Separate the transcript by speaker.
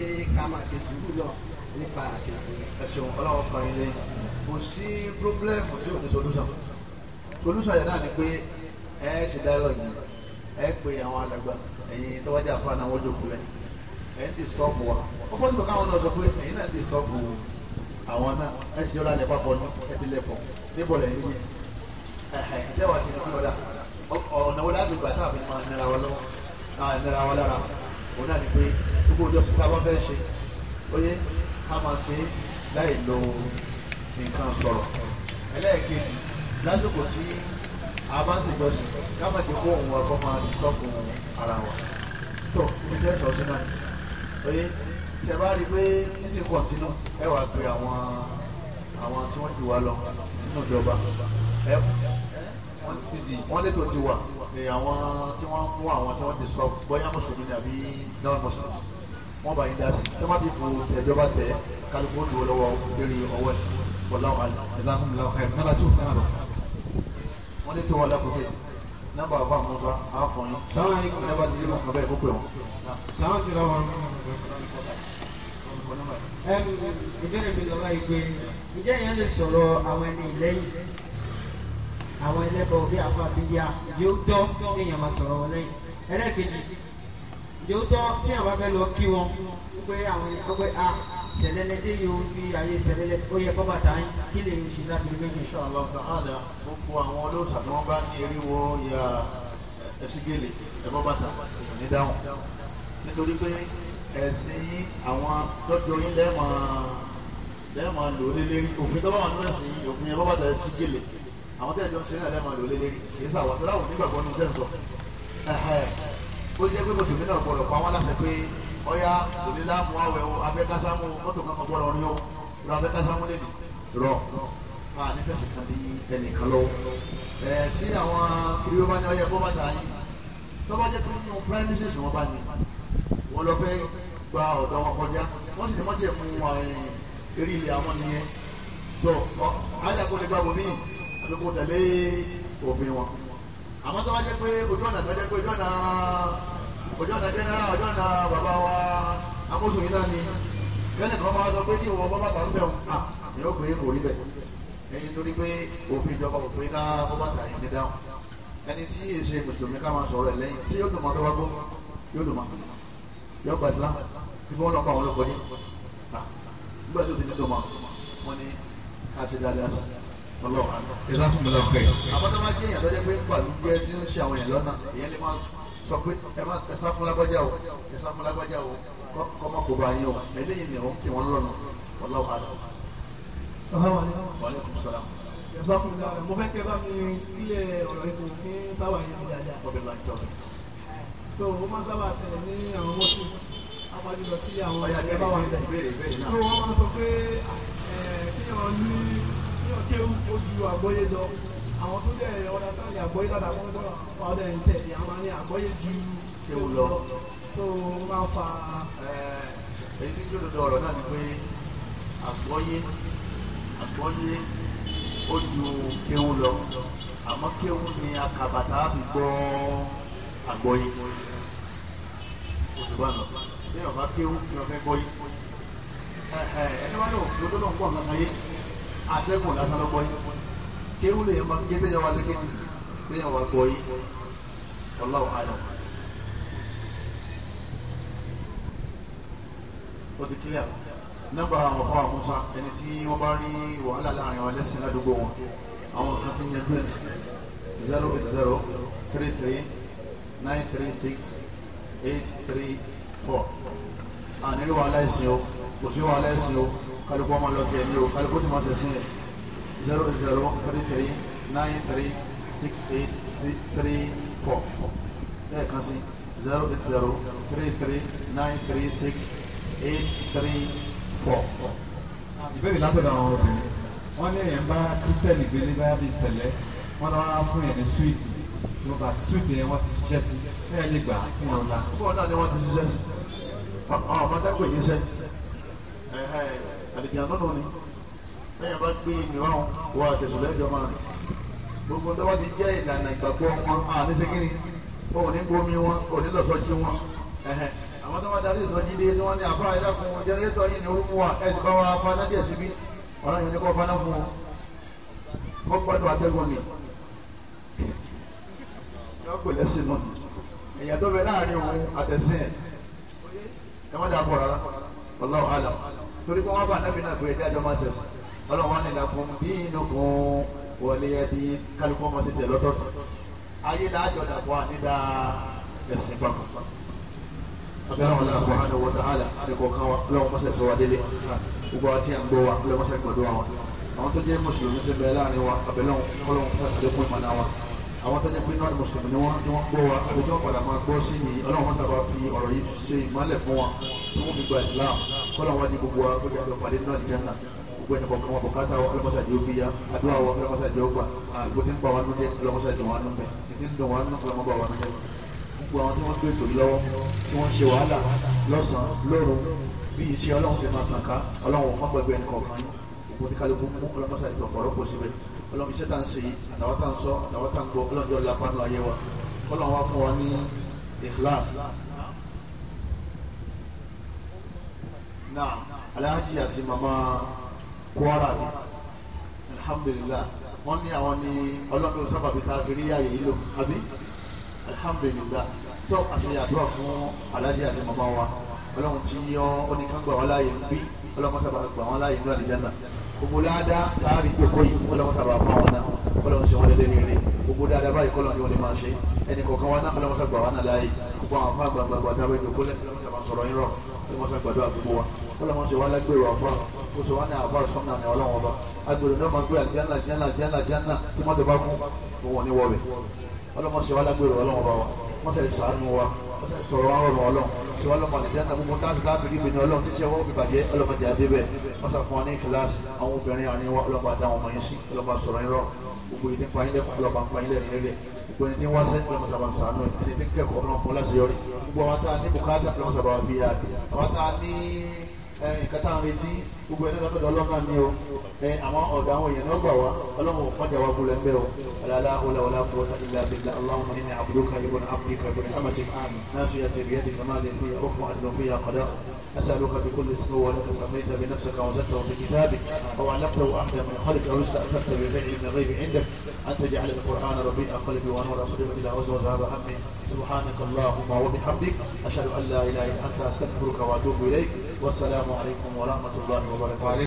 Speaker 1: pé ká máa ṣe sùúrù náà nípa àṣekù ẹ̀sùn ọlọ́wọ́ kan ilé kò sí pírọ́blẹ́mù tí ò ní solúsàn solúsàn yẹn náà ni pé ẹ ṣe dáìlọ́gì ẹ pe àwọn àgbàgbà ẹ̀yin tọ́wọ́jà fún àwọn ojókòó rẹ̀ ẹ̀ ń ti sọ́ọ̀bù wa ó bọ́ síbò káwọn náà sọ pé ẹ̀yin náà ti sọ́ọ̀bù àwọn náà ẹ̀ sì yọ̀ọ́ lálẹ́ papọ̀ ní ẹ̀ ti lẹ̀ pọ̀ níbọ̀ lẹ̀ ní yẹn ẹ̀hẹ̀ ìjẹ́wàá sí ọ̀nà wo láti nira wa lọ́wọ́ òun náà ni pé gbogbo ọjọ́ sí táwọn fẹ́ ṣe oyé ká máa ṣe láì lo nǹkan sọ̀rọ̀ ẹlẹ́ẹ̀kejì lásìkò tí a bá ń ṣèjọsìn ká má jẹ́ kó òun ọkọ máa tọ́kù ara wa tó ní jẹ́ sọ̀sí náà oyé tẹ bá rí i pé níṣẹ́ kọ̀ǹtínú ẹ wàá pe àwọn àwọn tí wọ́n jù wá lọ nínú ìjọba ẹ wọ́n ti wà ni àwọn tí wọ́n mú àwọn tí wọ́n ti sọ bóyá mùsùlùmí ni àbí náà mùsùlùmí wọ́n bá yín dá sí tí wọ́n ti fò tẹ̀jọba tẹ̀ kálukú lò lọ́wọ́ lórí ọwọ́ ẹ̀ wọláwọ̀ alẹ́. wọ́n ní tó wà lákòókè nọ́mbà àbá
Speaker 2: àmọ́fà àfọyín nọ́mbà tí
Speaker 1: yóò kọ́ bẹ́ẹ̀ kó pè wọ́n. ìbéèrè mi lọ́wọ́ ìgbé ǹjẹ́ ìyẹn lè sọ̀rọ̀ àwọn ẹni ìlẹ́yìn àwọn ẹlẹ́bọ̀ bí àfa abiyá yóò tọ́ kí èèyàn máa sọ̀rọ̀ wọn lẹ́yìn ẹlẹ́kejì yóò tọ́ kí àwọn abẹ́ lọ kí wọn pé àwọn ẹ̀yàn pé a tẹ̀lẹ́lẹ́ dé yóò fi ayé tẹ̀lẹ́lẹ́ ó yẹ kọ́ bàtà yín kí lè ṣe láti rí méjì. inshallah ta'ala gbogbo àwọn olóòṣà tí wọ́n bá ní eriwo ya ẹsígèlè ẹ̀bọ́ bàtà ní dáhùn nítorí pé ẹ̀sìn yín àwọn tọ́jú yín lẹ́ẹ̀mọ̀ lẹ́ẹ̀mọ̀ lò lélẹ́rí òfin tó bá wà nínú ẹ̀sìn yín òfin ẹ̀bọ́ bàtà ẹsígèlè àwọn tẹ́lẹ̀ jọ ń ṣe náà lẹ́mọ̀ ló lélẹ́rí kì í sàwọ̀ tẹ́lẹ̀ àwọn onígbàgbọ́ ní tẹ́lẹ̀ sọ ó jẹ́ pé mùsùlùmí náà gbọ́dọ̀ pa wọ́n láṣẹ pé ọ̀yá òní láàmú àwẹ̀ o abẹ́kásámú mọ́tò kankan gbọ́dọ̀ rí o rọ abẹ́kásámú lè rọ a ní fẹ̀sì kan di ẹnìkan lọ. ẹ tí àwọn kiri ó bá ní ọyẹ kó bá dà yín tó bá jẹ́ pé nínú premises wọn bá wọ́n sì ní àbí kò tẹ̀lé òfin wọn àmọ́ tó bá jẹ́ pé ojú ọ̀nà tó jẹ́ pé ojú ọ̀nà ojú ọ̀nà jẹ́nẹ́rà ojú ọ̀nà bàbá wa amóṣù yìí náà ni bẹ́ẹ̀ kan máa sọ pé kí ìwọ bọ́bá tà ń bẹ̀ wọn à ó pè é kò rí bẹ̀ ẹyin torí pé òfin ìjọba kò pé ká bọ́bá tà yìí ní dáhùn ẹni tí yìí ṣe mùsùlùmí ká máa sọ̀rọ̀ ẹ̀ lẹ́yìn tí yóò dùn mọ́ tó bá gbó yóò dùn mọ́ yóò ìsàkùnbọ̀lọ̀ pẹ̀. àbọ̀dọ̀ máa jẹ́ ìyàtọ̀ jẹ́ pé pàlú jẹ́ tí ń ṣe àwọn èèyàn lọ́nà èèyàn lè máa sọ pé ẹ sá fún lágbájá o ẹ sá lágbájá o kọ́ má kó bá yín o eléyìí ni òun kì wọ́n lọ́nà ọlọ́wọ́ àdá. sàlámà ni wàhálà kùsàlám. ìsàkùnbọ̀lọ̀ mo fẹ́ kẹ́ bá mi kílẹ̀ ọ̀rọ̀ ipò kí ń sábà yẹn so ó máa sábà ṣẹlẹ̀ ní àwọn mọ́tò apájúlọ tí so wọ́n máa sọ pé kí wọ́n ní kéwù ó ju àgbọ́yé lọ àwọn tó dẹ̀ ọ̀dà sáàlì àgbọ́yé ládàá wọn tó wọn dẹ̀ ń tẹ̀lé àwọn ní àgbọ́yé ju kéwù lọ tó máa fa. èyí tí yóò lọ ọ̀rọ̀ náà ni pé àgbọ́yé àgbọ́yé ó ju kéwù lọ àmọ́ kéwù ni akàbàtà fi gbọ́ àgbọ́yé olùbánà bí ọba kéwù ni ọba gbọ́yé ẹni wá ní òfin olólùwọ̀n pọ̀ nǹkan kan yé atẹ́gùn lásán ló gbọ́ yìí kéwù lè máa ké téèyàn wá lékè téèyàn wá gbọ́ yìí wallahu a'lam. ó ti kílẹ̀ nọ́mbà àwọn ọ̀fọ́ àmúṣá ẹni tí wọ́n bá rí wàhálà láàrin àwọn ẹlẹ́sìn ládùúgbò wọn àwọn kan ti yan twins zero eight zero three three nine three six eight three four ànílò wa láìsí o kò sí wa láìsí o kálukú ọmọ lọ tẹ̀lé o kálukú ti máa tẹ̀sí rẹ̀ zero zero three three nine three six eight three four lẹ́ẹ̀kan sí zero eight zero three three nine three six eight three four. ìbéèrè látọ̀dọ̀ àwọn obìnrin wọ́n ní èèyàn bá kírísítẹ́nì gbé ní báyà bíi ìṣẹ̀lẹ̀ wọ́n lọ́wọ́ fún yẹn ní súwìtì tó bá súwìtì yẹn wọ́n ti ṣiṣẹ́ sí bẹ́ẹ̀ lè gbà fún ọ̀la. fún ọ̀la ni wọ́n ti ṣiṣẹ́ sí àwọn àmọ́tẹ́kọ̀ yìí sẹ́ àdìgbà nínú ni lẹ́yìn bá gbé mìíràn wọ àtẹ̀sùlẹ̀ ìjọba rẹ̀ gbogbo tó bá ti jẹ́ ìlànà ìgbàgbọ́ wọn àní sẹ́kìnì wọn ò ní gbomi wọn ò ní lọ́sọ̀jì wọn àwọn tó bá darí ìsọjí dé tí wọ́n ní àbá ìdàkùn jẹnẹrétọ̀ yìí ní orúkú wa ẹ̀ ti bá wa faná díẹ̀ síbí ọ̀rọ̀ yẹn ni kò faná fún wọn kó gbọ́dọ̀ àtẹ́gùn mi yọ gbọ́dọ̀ sí mọ́ ẹ̀yà tó bẹ láàrin òun àtẹ̀sìn ẹ̀ ẹ má dàá pọ̀ rárá wallahu alam torí pé wọ́n bá anábì náà pé ẹjẹ́ àjọ máa ṣẹ̀ṣẹ̀ ọlọ́run wọn ni lakum dinukum waliya din kálukú ọmọ ti tẹ̀ lọ́tọ̀ọ̀tọ̀ ayé dájọ́ dàpọ̀ ànídà ẹ̀sìn papọ̀ àtàwọn ọ̀la subhanahu wa ta'ala àdìkọ̀ọ̀kan wa ọlọ́run mọ́sẹ̀ sọ wa délé gbogbo wa tí a ń gbọ́ wa ọlọ́run mọ́sẹ̀ gbọ́dọ̀ wa àwọn tó jẹ́ mùsùlùmí ti bẹ̀ẹ́ láàrin wa àbẹ̀lẹ́ àwọn tẹ́lẹ̀ pé náà mùsùlùmí ni wọ́n tí wọ́n gbọ́ wa àbí tí wọ́n padà máa gbọ́ sí ni ọlọ́run wọn tàbá fi ọ̀rọ̀ yìí ṣe ìmọ́lẹ̀ fún wa tí wọ́n fi gba islam kọ́lá wọn ní gbogbo wa gbogbo àgbà pàdé náà nìjẹ́ náà gbogbo ẹni kọ̀ọ̀kan wọn bùkátà wa ọlọ́mọṣà jẹ́ òbí ya àdúrà wa ọlọ́mọṣà jẹ́ ọgbà gbogbo tí ń pa wa nú dé ọlọ́mọṣà jẹ́ wa nú bẹ̀ tí ń dùn wa nú ọlọ́mọba wa nú dẹ̀ gbogbo àwọn tí wọ́n gbé ètò yìí lọ́wọ́ tí wọ́n ń ṣe wàhálà lọ́sàn-án lóru bí iṣẹ́ ọlọ́run ṣe máa tàn ká ọlọ́run wọn gbàgbé ẹni kọ̀ọ̀kan yìí oníkálukú mú ọlọ́mọṣà ìfọ̀kọ̀rọ̀ kò síbẹ̀ ọlọ́mọ iṣẹ́ tá à ń ṣe yìí àtàwọn tá à ń sọ àtàwọn tá à ń gbọ́ ọlọ́mọdé ọlá pánú ayé wa ọlọ́mọ wa fún wa ní ikhlas náà aláàjì àti màmá kwara ni alhamdulilah wọ́n ní àwọn ní ọlọ́mọdé sábàbí tá a fi rí ààyè yìí lò àbí alhamdulilah tó àṣeyàdúrà fún aláàjì àti màmá wa ọlọ́run tí yọ oníkàngbà wọn láàyè ń bí ọlọ́mọ sábà gbà wọn láàyè ń lọ àdìjánà gbogbo dáadáa láàrin ìjókòó yìí wọn lọ́wọ́ sábà fún àwọn náà kọ́lọ́ ń ṣe wọn lédè nílé gbogbo dáadáa báyìí kọ́lọ́ ni wọ́n lè máa ṣe ẹnì kọ̀ọ̀kan wa náà lọ́wọ́ sábà wà náà láàyè gbogbo àwọn afá gbàgbàgbà táwọn ìjókòó lẹ́yìn lọ́wọ́ sábà sọ̀rọ̀ yín rọ̀ lọ́wọ́ sábà gbàdúrà gbogbo wa kọ́lọ́ wọn ṣe wá lágbèrò àfọ́ kó ṣe wá ní àfọ́ sọ́nà ní ọlọ́wọ́ ọba agbèrò náà máa gbé àjánà àjánà àjánà àjánà tí mọ́tò bá kú wọn ní wọ́ọ̀bẹ̀ ọlọ́mọ ṣe wá lágbèrò ọlọ́wọ́ wa mọ́tò ẹ̀ sàánú wa sọ̀rọ̀ àwọn ọ̀rọ̀ ọlọ́run ṣe wọ́n lọ́mọ àlejò àti gbogbo táàsì láti rí ìgbìyànjú ọlọ́run tí sẹ́wọ́n fi bàjẹ́ ọlọ́mọdé adébẹ̀ wọ́n sàfún wa ní kíláàsì àwọn obìnrin àníwá ọlọ́mọ àtàwọn ọmọ yẹn sí ọlọ́mọ sọ̀rọ̀ yẹn rọ gbogbo ìdí pàyínlẹ̀ ọlọ́mọ pàyínlẹ̀ nílẹ̀ gbogbo ẹni tí wọ́n sẹ́ ọlọ́mọ sábà ń sànú ẹni tí kẹ́kọ̀ọ́ ọlọ́mọ fún láṣeyọrí gbogbo àwọn tá a ní bùkátà ọlọ́mọ sábà wà bí i àwọn tá a ní nǹkan tá a retí gbogbo ẹni lọ́dọ̀ ọlọ́mọ náà ní o àwọn ọ̀dọ̀ àwọn èèyàn náà gbà wá ọlọ́run ò kọjá wa olorun o bẹ̀ o ilà aláwọ̀ amati náà sọ lè fi fi أسألك بكل اسم هو لك سميت بنفسك وزدته بكتابك أو علمته أحدا من أو استأثرت بفعل من عندك أن تجعل القرآن ربيع قلبي ونور إلى سبحانك اللهم وبحمدك أشهد أن لا إله إلا أنت أستغفرك وأتوب إليك والسلام عليكم ورحمة الله وبركاته